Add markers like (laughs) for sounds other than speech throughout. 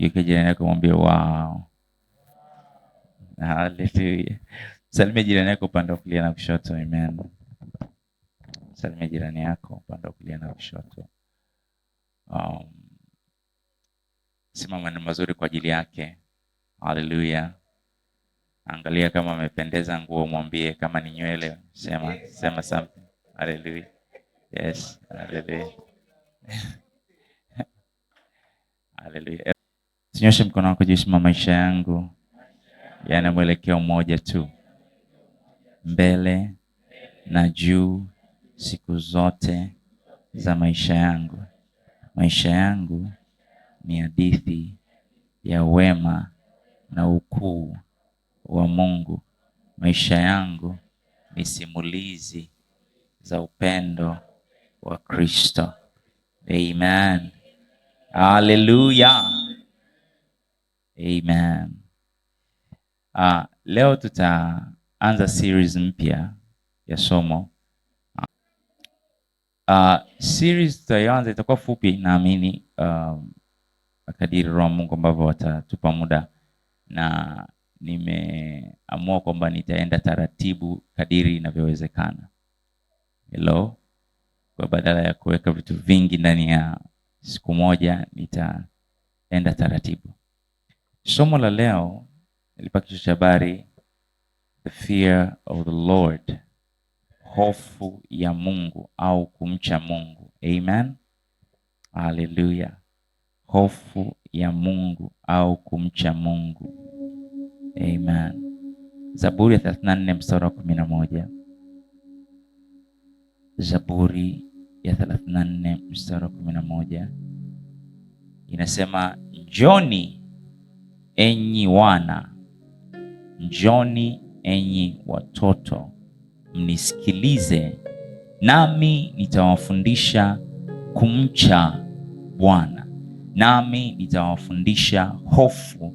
Yuko jirani yako mwambie wow. Haleluya. Salimia jirani yako upande wa kulia na kushoto. Amen. Salimia jirani yako upande wa kulia na kushoto. Um, sema maneno mazuri kwa ajili yake. Haleluya. Angalia kama amependeza nguo, mwambie. Kama ni nywele, sema sema something. Haleluya. Yes. Haleluya. (laughs) Haleluya. Usinyoshe mkono wako Yesu, maisha yangu yana mwelekeo mmoja tu, mbele na juu, siku zote za maisha yangu. Maisha yangu ni hadithi ya wema na ukuu wa Mungu. Maisha yangu ni simulizi za upendo wa Kristo. Amen, Hallelujah. Amen. Uh, leo tutaanza series mpya ya somo. Uh, series tutayoanza itakuwa fupi naamini, uh, um, akadiri Roho Mungu ambavyo watatupa muda, na nimeamua kwamba nitaenda taratibu kadiri inavyowezekana. Hello. Kwa badala ya kuweka vitu vingi ndani ya siku moja, nitaenda taratibu. Somo la leo ilipa kichwa cha habari The Fear of the Lord, hofu ya Mungu au kumcha Mungu. Amen, haleluya! Hofu ya Mungu au kumcha Mungu. Amen. Zaburi ya 34 mstari wa 11. Zaburi ya 34 mstari wa 11 inasema, njoni enyi wana, njoni enyi watoto, mnisikilize, nami nitawafundisha kumcha Bwana, nami nitawafundisha hofu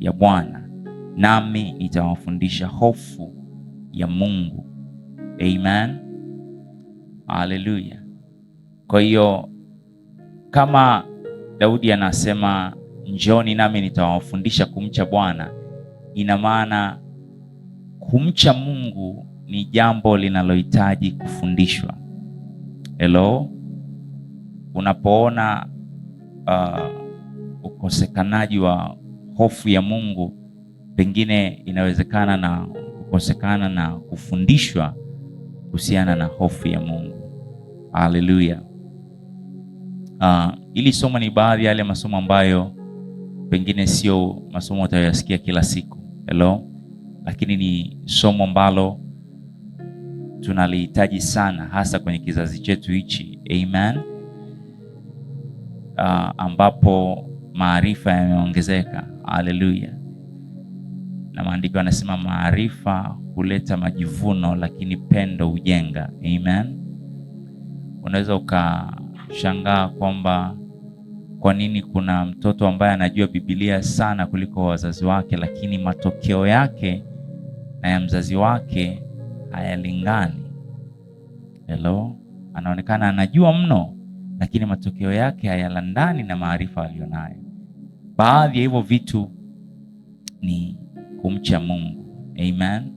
ya Bwana, nami nitawafundisha hofu ya Mungu. Amen, haleluya. Kwa hiyo kama Daudi anasema Njoni nami nitawafundisha kumcha Bwana. Ina maana kumcha Mungu ni jambo linalohitaji kufundishwa. Hello, unapoona uh, ukosekanaji wa hofu ya Mungu, pengine inawezekana na kukosekana na kufundishwa kuhusiana na hofu ya Mungu. Haleluya! Uh, ili somo ni baadhi ya yale masomo ambayo pengine sio masomo utayoyasikia kila siku hello, lakini ni somo ambalo tunalihitaji sana, hasa kwenye kizazi chetu hichi amen. Uh, ambapo maarifa yameongezeka, haleluya. Na maandiko yanasema maarifa huleta majivuno, lakini pendo hujenga amen. Unaweza ukashangaa kwamba kwa nini kuna mtoto ambaye anajua Biblia sana kuliko wazazi wake, lakini matokeo yake na ya mzazi wake hayalingani? Hello, anaonekana anajua mno, lakini matokeo yake hayalandani na maarifa aliyonayo. Baadhi ya hivyo vitu ni kumcha Mungu. Amen.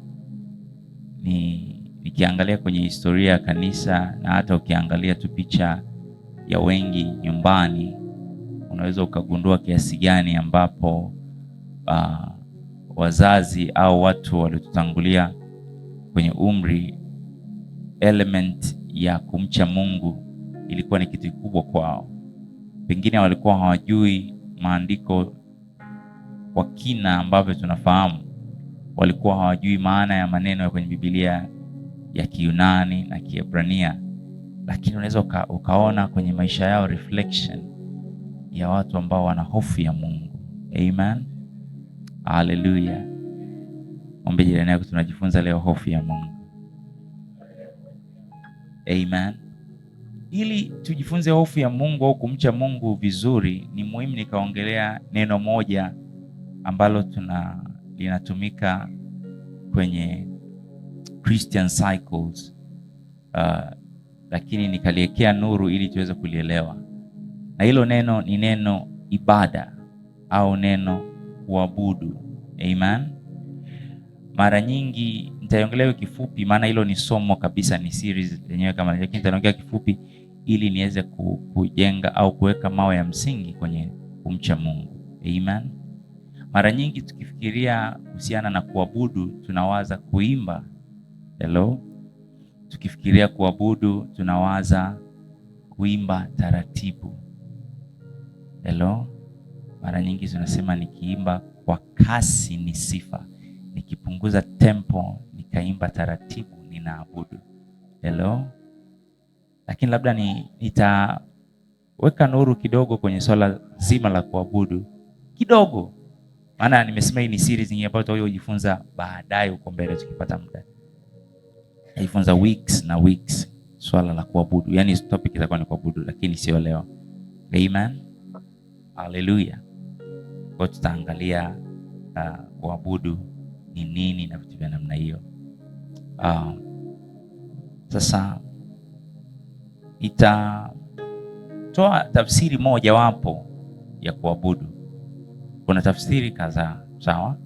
Ni nikiangalia kwenye historia ya kanisa na hata ukiangalia tu picha ya wengi nyumbani unaweza ukagundua kiasi gani ambapo uh, wazazi au watu waliotutangulia kwenye umri, element ya kumcha Mungu ilikuwa ni kitu kikubwa kwao. Pengine walikuwa hawajui maandiko kwa kina ambavyo tunafahamu, walikuwa hawajui maana ya maneno ya kwenye Biblia ya Kiyunani na Kiebrania, lakini unaweza uka, ukaona kwenye maisha yao reflection ya watu ambao wana hofu ya Mungu. Amen, haleluya. Ombe jirani yako, tunajifunza leo hofu ya Mungu. Amen. Ili tujifunze hofu ya Mungu au kumcha Mungu vizuri, ni muhimu nikaongelea neno moja ambalo tuna linatumika kwenye Christian cycles uh, lakini nikaliekea nuru ili tuweze kulielewa na hilo neno ni neno ibada au neno kuabudu. Amen. Mara nyingi nitaongelea kifupi, maana hilo ni somo kabisa, ni series yenyewe kama, lakini nitaongea kifupi ili niweze kujenga au kuweka mawe ya msingi kwenye kumcha Mungu. Amen. Mara nyingi tukifikiria kuhusiana na kuabudu tunawaza kuimba. Hello. Tukifikiria kuabudu tunawaza kuimba taratibu Hello, mara nyingi zinasema nikiimba kwa kasi ni sifa, nikipunguza tempo nikaimba taratibu ninaabudu. Hello, lakini labda ni, nitaweka nuru kidogo kwenye swala zima la kuabudu kidogo, maana nimesema hii ni series nyingine ambayo tutaweza kujifunza baadaye huko mbele tukipata muda, kujifunza weeks na weeks swala la kuabudu, yani topic itakuwa ni kuabudu, lakini sio leo. Amen. Haleluya. Kwa tutaangalia uh, kuabudu ni nini na vitu vya namna hiyo. Uh, sasa itatoa tafsiri moja wapo ya kuabudu. Kuna tafsiri kadhaa sawa,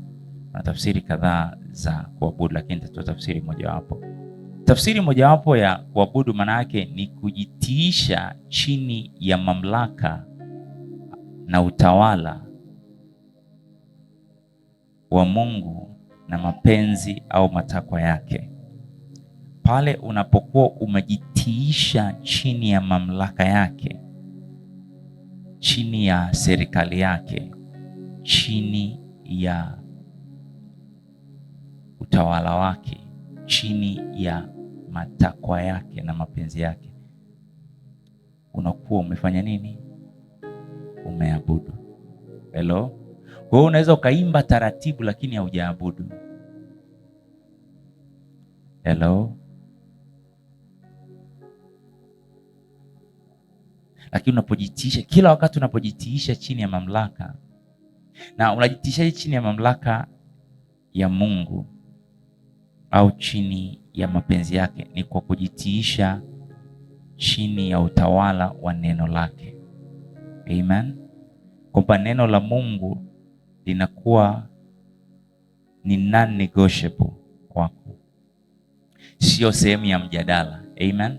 kuna tafsiri kadhaa za kuabudu, lakini itatoa tafsiri mojawapo. Tafsiri mojawapo ya kuabudu maana yake ni kujitiisha chini ya mamlaka na utawala wa Mungu na mapenzi au matakwa yake. Pale unapokuwa umejitiisha chini ya mamlaka yake, chini ya serikali yake, chini ya utawala wake, chini ya matakwa yake na mapenzi yake, unakuwa umefanya nini? umeabudu. Hello? Kwa hiyo unaweza ukaimba taratibu lakini haujaabudu. Hello? Lakini unapojitiisha kila wakati unapojitiisha chini ya mamlaka na unajitiishaje chini ya mamlaka ya Mungu au chini ya mapenzi yake? Ni kwa kujitiisha chini ya utawala wa neno lake. Amen, kwamba neno la Mungu linakuwa ni non negotiable kwako, sio sehemu ya mjadala. Amen.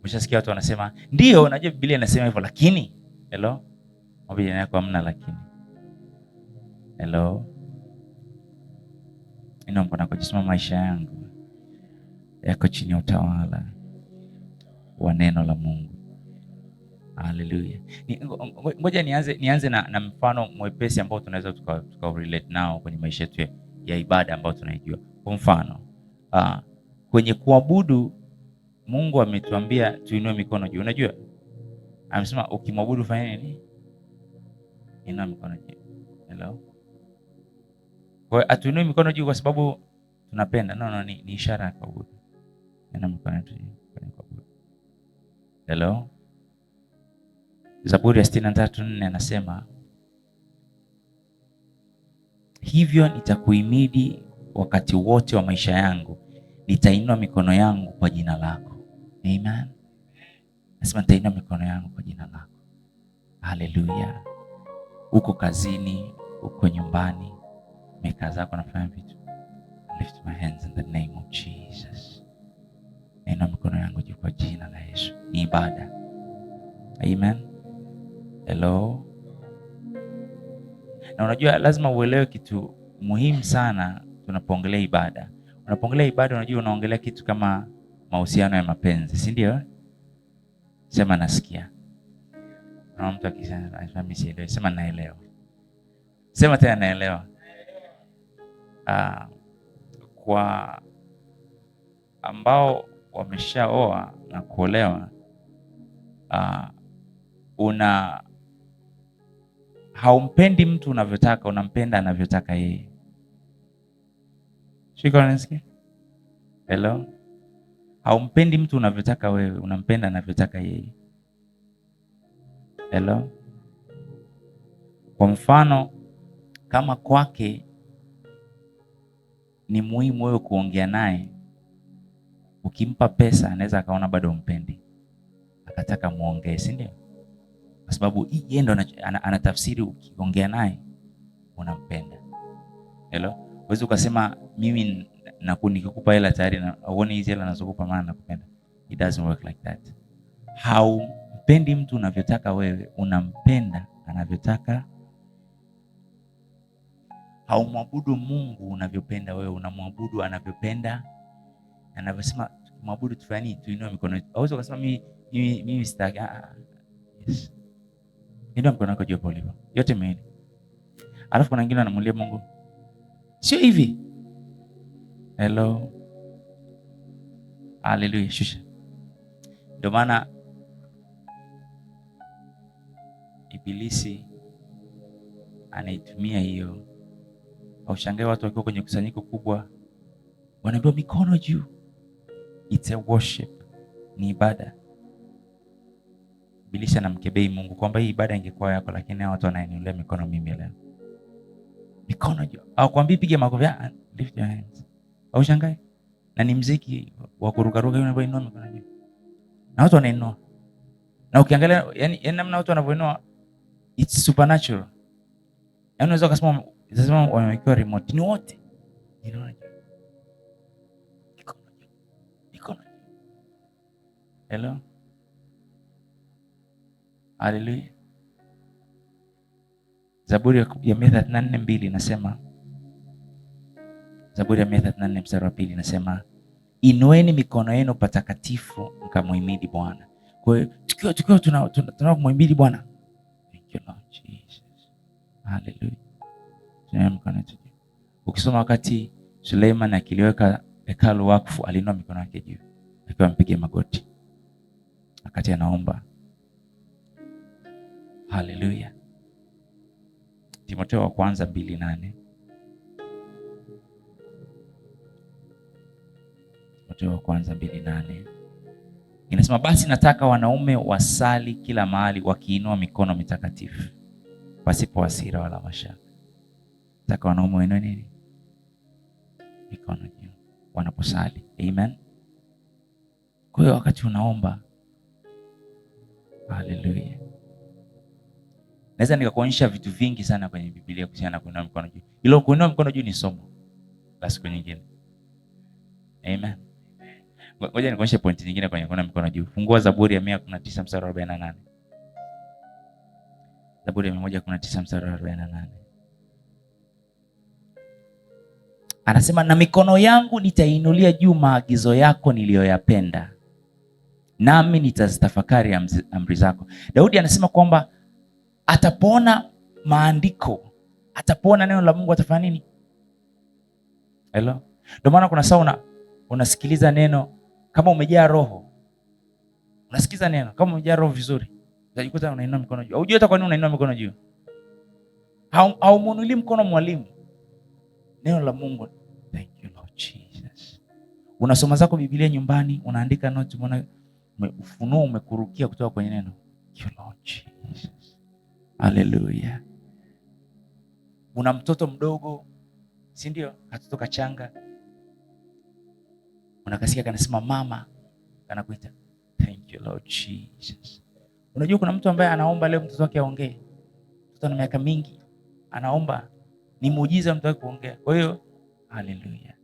Umeshasikia watu wanasema ndio, unajua Biblia inasema hivyo, lakini hello, mabijana yako hamna lakini. Hello, inaongonakojisema maisha yangu yako chini ya utawala wa neno la Mungu. Haleluya. Ngoja nianze, nianze na, na mfano mwepesi ambao tunaweza relate nao kwenye maisha yetu ya ibada ambayo tunaijua. Kwa mfano uh, kwenye kuabudu Mungu ametuambia tuinue mikono juu. Unajua amesema ukimwabudu fanya nini? Inua mikono juu. Hello. Kwa atuinue mikono juu kwa sababu tunapenda. No, no, ni, ni ishara ya kuabudu. Inua mikono juu. Hello. Zaburi ya sitini na tatu nne anasema hivyo nitakuhimidi wakati wote wa maisha yangu, nitainua mikono yangu kwa jina lako. Amen. Nasema nitainua mikono yangu kwa jina lako. Haleluya! Uko kazini, uko nyumbani, mekaa zako, nafanya vitu, lift my hands in the name of Jesus. Nainua mikono yangu juu kwa jina la Yesu. Ni ibada. Amen. Hello. Na unajua lazima uelewe kitu muhimu sana tunapoongelea ibada. Unapoongelea ibada, unajua unaongelea kitu kama mahusiano ya mapenzi, si ndio? Sema nasikia. Na mtu akisema sielewi, sema naelewa. Sema tena naelewa. Ah, kwa ambao wameshaoa na kuolewa, ah, una haumpendi mtu unavyotaka, unampenda anavyotaka yeye. Shikonasikia? Hello? Haumpendi mtu unavyotaka wewe, unampenda anavyotaka yeye. Hello? Kwa mfano kama kwake ni muhimu wewe kuongea naye, ukimpa pesa anaweza akaona bado umpendi, akataka muongee, si ndio? kwa sababu yeye ndo anatafsiri. ana, ana Ukiongea naye unampenda. Hello, huwezi ukasema mimi nikikupa hela tayari uone hizi hela nazokupa, maana nakupenda. It doesn't work like that. Haumpendi mtu unavyotaka wewe, unampenda anavyotaka. Haumwabudu Mungu unavyopenda wewe, unamwabudu anavyopenda, anavyosema mwabudu, tufanye yaani tuinue mikono yetu. Hauwezi ukasema mimi mimi sitaki. Ah, ah, ah. yes. Inua mkono wako juu ulipo. Yote miwili. Alafu kuna wengine wanamulia Mungu. Sio hivi. Hello. Haleluya, shusha. Ndio maana Ibilisi anaitumia hiyo. Aushangae watu wakiwa kwenye kusanyiko kubwa wanaambiwa mikono juu. It's a worship. Ni ibada bilisha na mkebei Mungu kwamba hii ibada ingekuwa yako, lakini hao watu wananiulia mikono mimi leo. Mikono juu. Au kwambii piga makofi, ah, lift your hands. Au shangae? Na ni mziki wa kuruka ruka yule anayeinua mikono juu. Na watu wanainua. Na ukiangalia yani, yani namna watu wanavyoinua it's supernatural. Yaani unaweza kusema sasa wamewekewa remote ni wote. Inaona Mikono Hello? Haleluya. Zaburi ya mia thelathini na nne mbili inasema, Zaburi ya mia thelathini na nne mstari wa pili inasema, inueni mikono yenu patakatifu mkamhimidi Bwana. Kwa hiyo tukiwa tukiwa tunamhimidi Bwana, ukisoma wakati Suleiman akiliweka hekalu wakfu, alinua mikono yake juu akiwa ampiga magoti wakati anaomba Haleluya. timoteo wa kwanza mbili nane timoteo wa kwanza mbili nane inasema, basi nataka wanaume wasali kila mahali wakiinua mikono mitakatifu pasipo hasira wala mashaka. Nataka wanaume wainue nini? Mikono juu wanaposali. Amen. Kwa hiyo wakati unaomba, haleluya Naweza nikakuonyesha vitu vingi sana kwenye Biblia kuhusiana na kuinua mkono juu. Ilo kuinua mkono juu ni somo la siku nyingine. Amen. Ngoja nikuonyeshe pointi nyingine kwenye kuinua mkono juu. Fungua Zaburi ya 119 mstari wa 48. Zaburi ya 119 mstari wa 48. Anasema, na mikono yangu nitainulia juu maagizo yako niliyoyapenda, nami nitazitafakari amri zako. Daudi anasema kwamba atapona maandiko, atapona neno la Mungu, atafanya nini? Hello? Ndio maana kuna saa una, unasikiliza neno kama umejaa roho, unasikiza neno kama umejaa roho vizuri, utajikuta unainua mikono juu. Hujui hata kwa nini unainua mikono juu, haumuinui mkono mwalimu, neno la Mungu. Thank you Lord Jesus. Unasoma zako Biblia nyumbani, unaandika notes, umeona ufunuo umekurukia kutoka kwenye neno. Thank you Lord Jesus. Haleluya! Una mtoto mdogo, si ndio? Katoto kachanga, unakasikia kanasema mama, kanakuita thank you Lord Jesus. Unajua kuna mtu ambaye anaomba leo mtoto wake aongee, mtoto ana miaka mingi anaomba, ni muujiza mtoto wake kuongea. Kwa hiyo haleluya.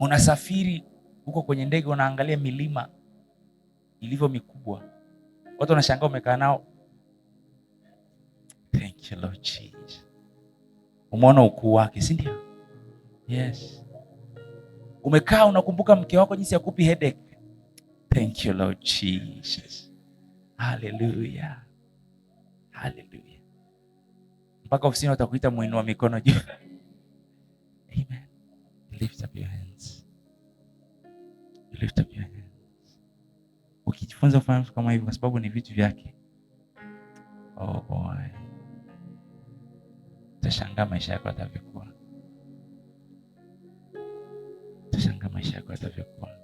Unasafiri huko kwenye ndege, unaangalia milima ilivyo mikubwa, watu wanashangaa umekaa nao. Thank you Lord Jesus. Umeona ukuu wake, si ndio? Yes. Umekaa unakumbuka mke wako jinsi ya kupi headache. Thank you Lord Jesus. Hallelujah. Hallelujah. Mpaka ofisini watakuita mwinua mikono juu. Amen. Lift up your hands. Lift up your hands ukijifunza kufanya vitu kama hivyo, kwa sababu ni vitu vyake, oh, utashangaa maisha yako atavyokuwa, utashangaa maisha yako atavyokuwa.